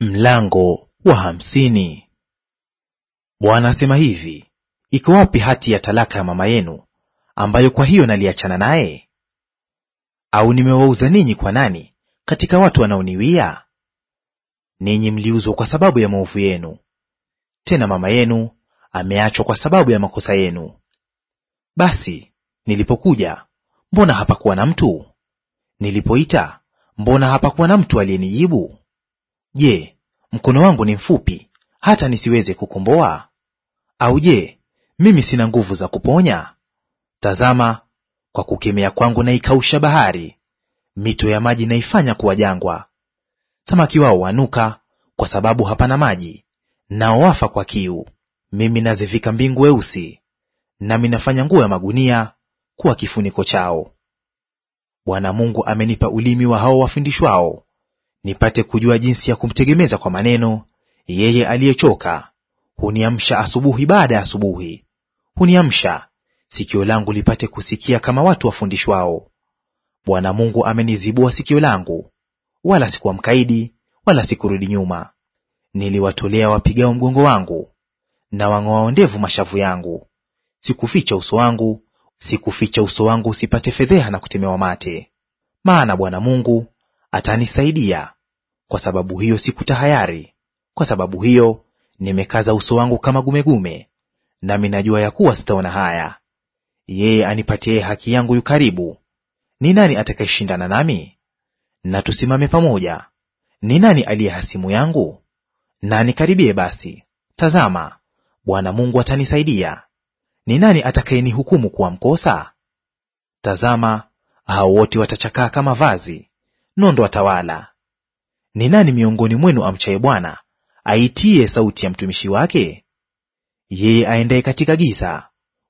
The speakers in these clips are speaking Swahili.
Mlango wa hamsini. Bwana asema hivi, iko wapi hati ya talaka ya mama yenu, ambayo kwa hiyo naliachana naye? Au nimewauza ninyi kwa nani katika watu wanaoniwia? Ninyi mliuzwa kwa sababu ya maovu yenu, tena mama yenu ameachwa kwa sababu ya makosa yenu. Basi nilipokuja, mbona hapakuwa na mtu? Nilipoita, mbona hapakuwa na mtu aliyenijibu? Je, mkono wangu ni mfupi hata nisiweze kukomboa? Au je, mimi sina nguvu za kuponya? Tazama, kwa kukemea kwangu naikausha bahari, mito ya maji naifanya kuwa jangwa. Samaki wao wanuka, kwa sababu hapana maji, nao wafa kwa kiu. Mimi nazivika mbingu weusi, nami nafanya nguo ya magunia kuwa kifuniko chao. Bwana Mungu amenipa ulimi wa hao wafundishwao nipate kujua jinsi ya kumtegemeza kwa maneno yeye aliyechoka. Huniamsha asubuhi baada ya asubuhi, huniamsha sikio langu lipate kusikia kama watu wafundishwao. Bwana Mungu amenizibua sikio langu, wala sikuwa mkaidi, wala sikurudi nyuma. Niliwatolea wapigao mgongo wangu na wang'oao ndevu mashavu yangu. Sikuficha uso wangu, sikuficha uso wangu usipate fedheha na kutemewa mate. Maana Bwana Mungu atanisaidia, kwa sababu hiyo sikutahayari, kwa sababu hiyo nimekaza uso wangu kama gumegume, nami najua ya kuwa sitaona haya. Yeye anipatiaye haki yangu yu karibu. Ni nani atakayeshindana nami? Na tusimame pamoja. Ni nani aliye hasimu yangu? Na nikaribie basi. Tazama, Bwana Mungu atanisaidia. Ni nani atakayenihukumu kuwa mkosa? Tazama, hao wote watachakaa kama vazi, nondo watawala. Ni nani miongoni mwenu amchaye Bwana, aitie sauti ya mtumishi wake? Yeye aendaye katika giza,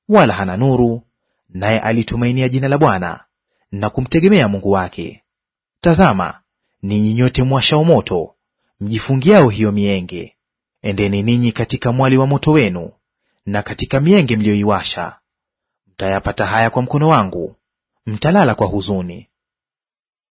wala hana nuru, naye alitumainia jina la Bwana na kumtegemea Mungu wake. Tazama, ninyi nyote mwashao moto, mjifungiao hiyo mienge, endeni ninyi katika mwali wa moto wenu, na katika mienge mliyoiwasha. Mtayapata haya kwa mkono wangu, mtalala kwa huzuni.